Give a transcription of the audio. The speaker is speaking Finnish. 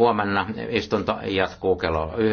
Huomenna istunto jatkuu kello 9.